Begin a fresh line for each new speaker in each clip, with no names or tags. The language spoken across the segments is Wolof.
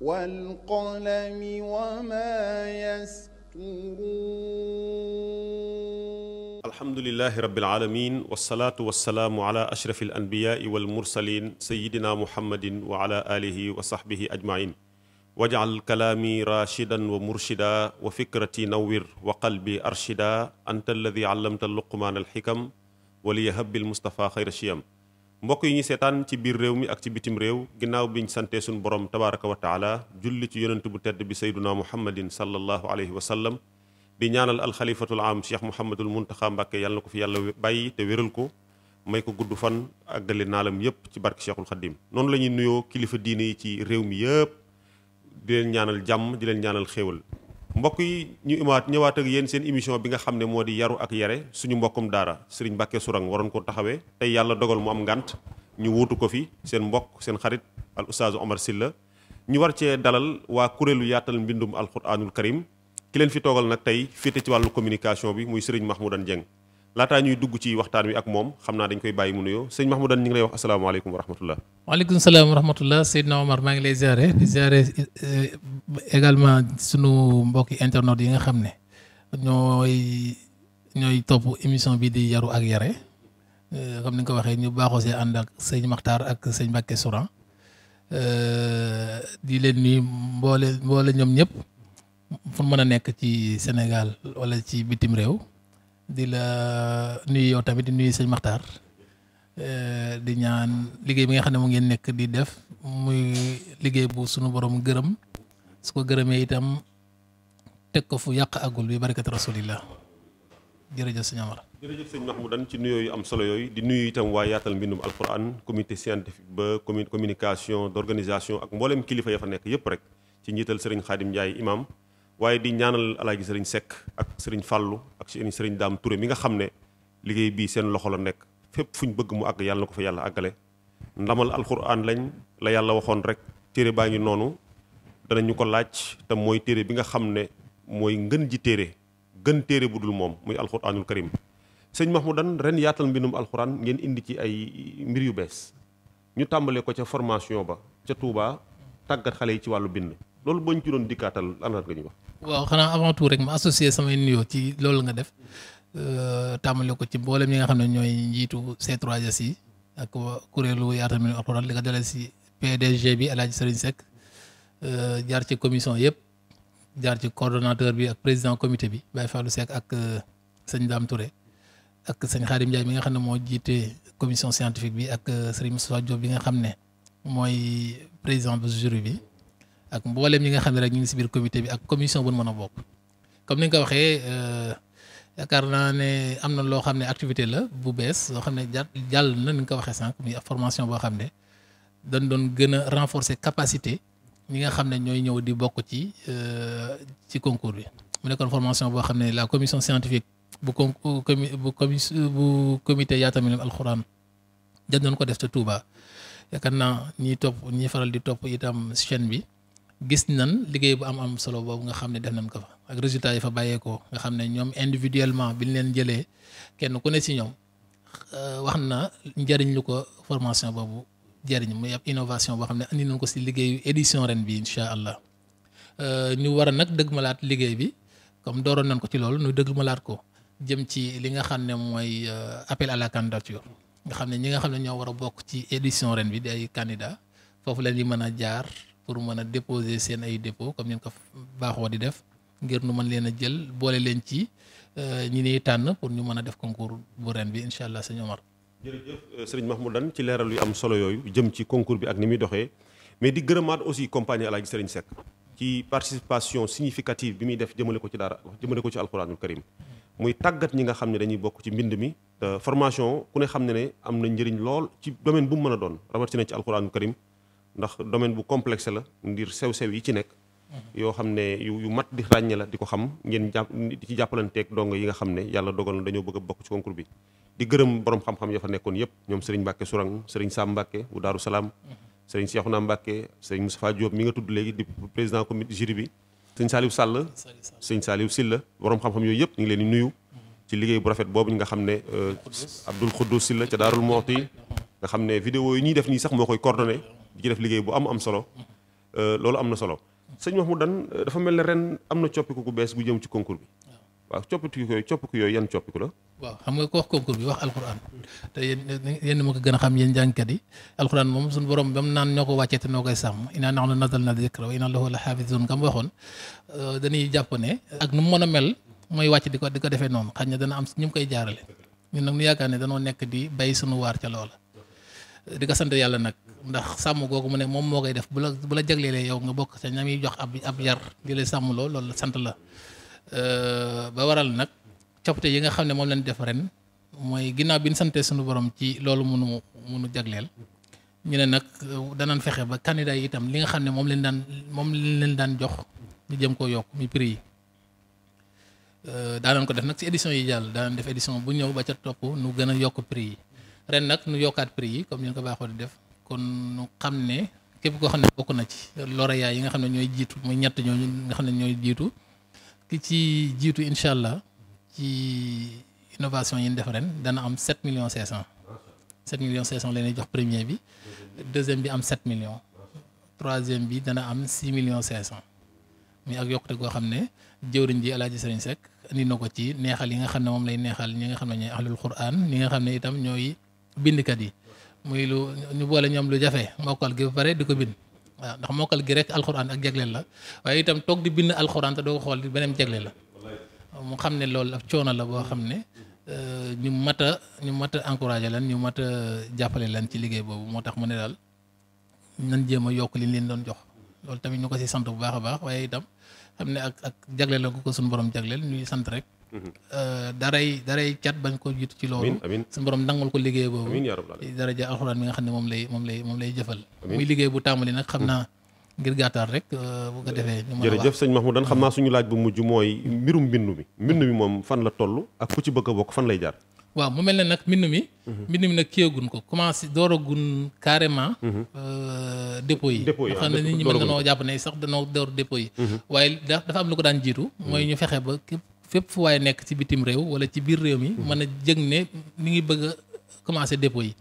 والقلم
وما يسطرون
الحمد لله رب العالمين والصلاة والسلام على أشرف الأنبياء والمرسلين سيدنا محمد وعلى آله وصحبه أجمعين واجعل كلامي راشدا ومرشدا وفكرتي نور وقلبي أرشدا أنت الذي علمت اللقمان الحكم وليهب المصطفى خير الشيم mbokk yi ñu seetaan ci biir réew mi ak ci bitim réew ginnaaw biñ sante suñu borom tabaraka wa taala julli ci yonent bu tedd bi sayduna muhammadin sallallahu alayhi wa sallam di ñaanal alxalifatul am cheikh muhammadul muntaxa mbàkke yàlla na ko fi yàlla bàyyi te wéral ko may ko gudd fan ak àggali naalam yépp ci barke cheikhul xadim noonu la ñuy nuyoo kilifa diine yi ci réew mi yépp di leen ñaanal jàmm di leen ñaanal xéewal mbokk yi ñu imaat ñëwaat ak yéen seen émission bi nga xam ne moo di yaru ak yare suñu mbokkum daara sëriñ Mbàkke suran waroon ko taxawee tey yàlla dogal mu am ngànt ñu wuutu ko fi seen mbokk seen xarit al oustaz Omar Sylla ñu war cee dalal waa kuréelu yaatal mbindum alquranul karim ki leen fi toogal nag tey féete ci wàllu communication bi muy sëriñ Mahmoudane Dieng laataa ñuy dugg ci waxtaan wi ak moom xam naa dañ koy bàyyi mu nuyoo sëñ Mahmoudane ñu ngi lay wax asalaamaaleykum
wa rahmatullah. waaleykum salaam wa rahmatullah Seydina Omar maa ngi lay ziare di eh, également sunu mbokki internet yi nga xam ne ñooy ñooy topp émission bii di yaru ak yare eh, comme ni nga ko waxee ñu baaxoo see ànd ak sëñ Makhtar ak sëñ Mbacke Souran eh, di leen nuyu mboole mboole ñoom ñëpp fu mën a nekk ci Sénégal walla ci bitim réew. di la nuyu yow tamit di nuyu sëñ Maxtaar eh, di ñaan liggéey bi nga xam ne mu ngeen nekk di def muy liggéey bu sunu borom gërëm su ko gërëmee itam teg ko fu yàq agul bi barakat rasulillah jërëjëf sëñ Amar
jërëjëf sëñ Mahmoudan ci nuyoo yu am solo yooyu di nuyu itam waa yaatal mbindum alquran comité scientifique ba communication d' organisation ak mbooleem kilifa ya fa nekk yëpp rek ci njiital sëriñ Xaadim Njaay imam waaye di ñaanal alaaji sëriñ sekk ak sëriñ Fallou ak sëriñ Daam Touré mi nga xam ne liggéey bii seen loxo la nekk fépp fu ñu bëgg mu àgg yàlla na ko fa yàlla àggale ndamal alxuraan lañ la yàlla waxoon rek téere baa ngi noonu ñu ko laaj te mooy téere bi nga xam ne mooy ngën ji téere gën téere bu dul moom muy alxuraanul karim sëñ dan ren yaatal mbindum alxuraan ngeen indi ci ay mbir yu bees ñu tàmbalee ko ca formation ba ca Touba tàggat xale yi ci wàllu bind loolu boo ci doon dikkaatal ana nga ñuy wax.
waaw xanaa avant tout rek ma associé samay nuyoo ci loolu nga def euh, tàmmale ko ci mboolem mi nga xam ne ñooy njiitu c 3 ak kuréelu yaatal mi alxuraan li ko dalee si PDG bi El Hadj Serigne Seck euh, jaar ci commission yëpp jaar ci coordonnateur bi ak président comité bi Baye Fallou Seck ak euh, sëñ Dame Touré ak sëñ Khadim Ndiaye mi nga xam ne moo jiite commission scientifique bi ak Serigne Moussa Diop bi nga xam ne mooy président bu jury bi. ak mbooleem ñi nga xam ne rek ñu ngi si biir comité bi ak commission bu mën a bokk comme ni nga ko waxee euh, yaakaar naa ne am na loo xam ne activité la bu bees loo xam ne jàll na ni nga ko waxee sànq muy formation boo xam ne dañ doon gën a renforcer capacité ñi nga xam ne ñooy ñëw di bokk ci euh, ci concours bi mu nekkoon formation boo xam ne la commission scientifique bu con bu bu comité yaa Mbindum Alxuraan dañ doon ko def ca Touba yaakaar naa ñiy topp ñi faral di topp itam chaîne bi gis nan liggéey bu am am solo boobu nga xam ne def nañ ko fa ak résultat yi fa bàyyeekoo nga xam ne ñoom individuellement bi ñu leen jëlee kenn ku ne ci ñoom euh, wax na njariñ lu ko formation boobu jëriñ muy ab innovation boo xam ne indi nañ ko ci liggéeyu édition ren bi incha allah euh, ñu war nag dëgg malaat liggéey bi comme dooroon nañ ko ci loolu dëgg malaat ko jëm ci li nga xam ne mooy euh, appel à la candidature nga xam ne ñi nga xam ne ñoo war a pour mën a déposer seen ay dépôt comme ni ko baaxoo di def ngir nu mën leen jël boole leen ci euh, ñi ñuy tànn pour ñu mën a def concours bu ren bi incha allah sëñ Omar.
jërëjëf euh, sëriñ Mahmoudane ci leeral yu am solo yooyu jëm ci concours bi ak ni muy doxee mais di gërëmaat aussi compagnie El Hadj Serigne Seck ci participation significative bi muy def jëmale ko ci daara jëmale ko ci alquranul karim muy tàggat ñi nga xam ne dañuy bokk ci mbind mi formation ku ne xam ne ne am lool ci domaine bu mu a doon rawatina ci ndax domaine bu complexe la ngir sew-sew yi ci nekk yoo xam ne yu yu mat di ràññe la di ko xam ngeen jàpp di ci jàppalanteeg dongo yi nga xam ne yàlla dogal na dañoo bëgg a bokk ci concours bi di gërëm borom xam-xam ya fa nekkoon yëpp ñoom sëriñ Mbàkke Sourang sëriñ Sam Mbàkke bu Daaru Salaam sëriñ Seexuna Mbàkke sëriñ Moustapha Diop mi nga tudd léegi di président comité jury bi sëñ Saliou Sall sëñ Saliou Silla borom xam yooyu yëpp ñu ngi leen di nuyu ci liggéey bu rafet boobu nga xam ne euh, Abdoul Khoudous Silla ca Daarul Mooti nga xam ne vidéo yi ñuy def nii sax moo koy coordonné di ci def liggéey bu am am solo euh, loolu am na solo sëñ Mahmoud Dan euh, dafa mel ne ren am na coppiku gu bees gu jëm ci concours bi waaw coppiku yooyu coppiku yooyu yan coppiku
la waaw xam nga ko wax concours bi wax alquran te yéen yéen ma ko gën a xam yéen jàngkat yi alquran moom suñu borom ba naan ñoo ko wàccee te noo koy sàmm inaa nahnu nazzalna dikra wa inna lahu la xaafizun kam euh, ak nu mu mën a mel mooy wàcc di ko defee noonu xaj na dana am ñu koy jaarale ñun nag ñu yaakaar ne danoo ndax sàmm googu mu ne moom moo koy def bu la bu la jagleelee yow nga bokk sa ñam yi jox ab ab yar di la sàmm lool loolu sant la euh, ba waral nag coppite yi nga xam ne moom lañ def ren mooy ginnaaw bi ñu sante suñu borom ci loolu munu munu jagleel ñu ne nag euh, danañ fexe ba candidat yi itam li nga xam ne moom leen daan moom leen daan jox ñu jëm koo yokk mi prix yi euh, daanañ ko def nag ci édition yi jàll daanañ def édition bu ñëw ba ca topp nu gën a yokk prix yi ren nag nu yokkaat prix yi comme ñu ko baaxoo di def kon nu xam ne képp koo xam ne bokk na ci lauréat yi nga xam ne ñooy jiitu muy ñett ñooñu nga xam ne ñooy jiitu ki ci jiitu incha allah ci innovation yi ñu def ren dana am 7 millions 500 7 millions 500 la ñuy jox premier bi deuxième bi am 7 millions troisième bi dana am 6 millions 500 mais ak yokkute goo xam ne jëwriñ ji Alaaji Sëriñ Seck indi na ko ci neexal yi nga xam ne moom lay neexal ñi nga xam ne ñooy ahlul quran ñi nga xam ne itam ñooy bindkat yi. muy lu ñu boole ñoom lu jafe mokkal gi ba pare di ko bind waaw ndax mokkal gi rek alxuraan ak jagleel la waaye itam toog di bind alxuraan te doo ko xool di beneen jagleel la mu xam ne loolu ab coono la boo xam ne euh, ñu mat a ñu mat a encouragé lan ñu mat a jàppale lan ci liggéey boobu moo tax mu ne daal nan jéem a yokk li ñu leen doon jox loolu tamit ñu ko si sant bu baax a baax waaye itam xam ne ak ak jagleel la ko ko suñu borom jagleel ñuy sant rek Mhm. Euh, daray daray cat bañ ko jiitu ci loolu suñu borom nangul ko liggéey boobu daraja alxuraan mi nga xam ne moom lay moom lay moom lay jëfal muy liggéey bu tàmbali nag xam mhm. naa euh, bu ko defee jërëjëf sëñ Mahmoudan xam naa
mhm. suñu laaj bu mujj mooy mbirum mbindu mi mbindu mi moom fan la toll ak ku ci bëgg a bokk fan lay jaar
waaw mu mel na nag mbindu mi mbindu mi nag kiyagun ko commencé dooragun carrément euh, dépôt yi nga xam ne nit ñi mën nga noo jàpp ne sax danoo door dépôt yi waaye dafa am lu ko daan jiitu fépp fu waaye nekk ci bitim réew wala ci biir réew mi hmm. mën a jëg ne mi ngi bëgg a commencé dépôt yi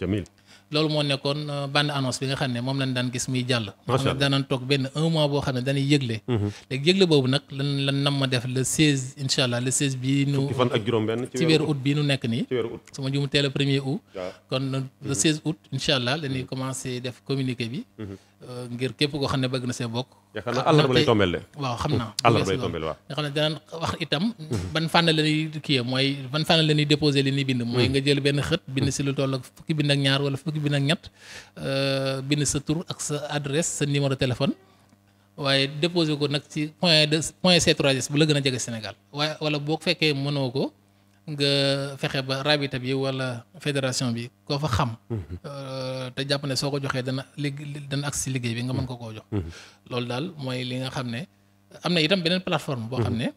loolu moo nekkoon euh, bande annonce bi nga xam ne moom lañ daan gis muy jàll xam ne danañ toog benn un mois boo xam ne dañuy yëgle hmm. léegi yëgle boobu nag lan lan nam ma def le 16 incha allah le 16 bii nu fan ak juróom benn ci weeru août bii nu nekk nii su ma juumtee le premier août kon euh, le 16 hmm. août incha allah lañuy commencé def communiqué bi euh, ngir képp koo xam ne bëgg na see bokk yaakaar naa àllarba lay tombeel de. waaw xam naa àllarba lay tombeel waaw. nga xam ne danañ wax itam. ban fànn la ñuy kii mooy ban fànn la ñuy mooy nga jël benn xët bind si lu toll ak fukki bind ak ñaar wala fukki bind ak ñett euh, bind sa tur ak sa adresse sa numéro téléphone. waaye dépose ko nag ci point de point c 3 bu la gën a jege Sénégal waaye wala boo fekkee mënoo ko. nga fexe ba rabita bi wala fédération bi koo fa xam. Mhm. Euh, te jàpp ne soo ko joxee dana ligg dana agsi liggéey bi nga mën ko koo jox. Mhm. loolu daal mooy li nga xam ne am na itam beneen plateforme. boo xam mhm. ne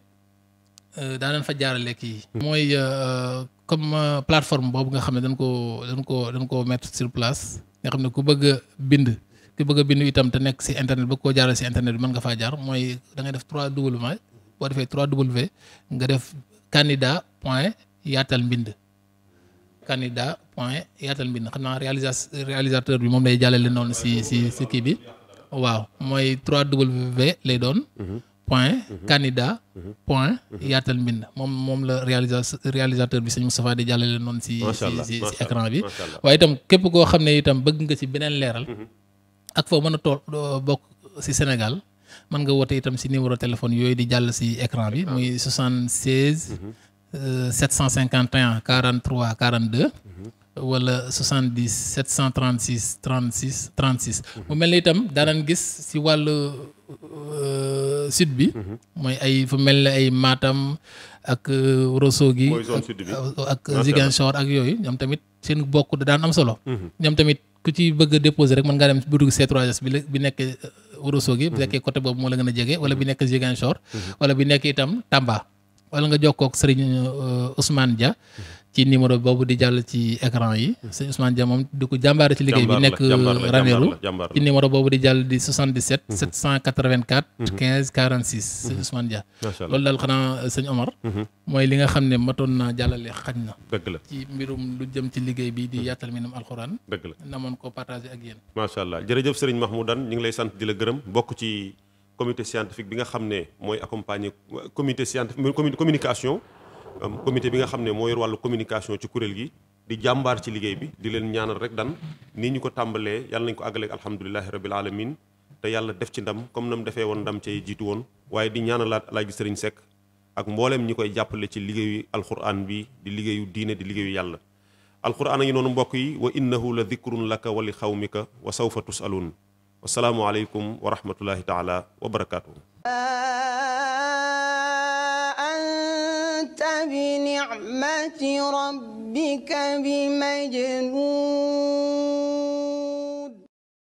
euh, daanañ fa jaarale kii. mooy euh, comme plateforme boobu nga xam ne dañ koo dañ koo dañ koo mettre sur place nga xam ne ku bëgg a bind. ki bëgg bind itam te nekk si internet bëgg koo jaaral si internet bi mën nga faa jaar mooy da ngay def 3W boo defee 3W nga def. candidat point yaatal mbind candidat point yaatal mbind xam naa réalisa réalisateur bi moom lay jàllale noonu si si si kii bi waaw mooy 3W lay doon mhm. point mhm. candidat mhm. point yaatal mbind moom moom la réalisa réalisateur bi sëñ Moustapha di jàllale noonu si si si écran bi waaye itam képp koo xam ne itam bëgg nga ci beneen leeral ak foo mën a toog bokk si Sénégal mën nga woote itam si numéro téléphone yooyu di jàll si écran bi muy 76 751 43 42 wala 70 736 36 36 mu mel ni itam daanan gis si wàllu euh, sud bi mhm. mooy ay fu mel ni ay maatam ak Ourossogui euh, ak euh, Ziguinchor ak yooyu ñoom tamit seen bokk da daan am solo mhm. ñoom tamit ku ci bëgg a rek mën ngaa dem budug C3S bi bi nekk Ourossogui bu mhm. fekkee côté boobu moo la gën a jege wala bi mhm. nekk Ziguinchor mhm. wala bi nekk itam Tamba wala nga jokkook Serigne euh, Ousmane ja ci numéro boobu di jàll ci écran yi hmm. sëñ Ousmane Dia moom di ko jàmbaare ci liggéey bi nekk euh, Ranérou ci numéro boobu di jàll di 77 784 15 46 sëñ hmm. Ousmane Dia loolu daal xanaa euh, sëñ Omar hmm. mooy li nga xam ne matoon naa jàllale xaj na la ci mbirum lu jëm ci liggéey bi di yaatal minam alxuraan dëgg la namoon ko partagé ak yéen
macha allah jërëjëf sëriñ Mahmoudane ñu ngi lay sant di la gërëm bokk ci nga xam ne mooy accompagner euh, comité scientifique communication Euh, comité bi nga xam ne moo yor wàllu communication ci kuréel gi di jàmbaar ci liggéey bi di leen ñaanal rek dan ni ñu ko tàmbalee yàlla nañ ko àggaleeg alhamdulilahi rabil alamin te yàlla def ci ndam comme na mu defee woon ndam cay jiitu woon waaye di ñaanalaat alaaji sëriñ sekk ak mbooleem ñi koy jàppale ci liggéeyu alquran bi di liggéeyu diine di liggéeyu yàlla alquran a ngi noonu mbokk yi wa innahu la dikrun laka wa li ka wa sawfa tusaluun wasalaamu aleykum wa rahmatullahi taala wa barakaatuhu
بنعمة ربك بمجنون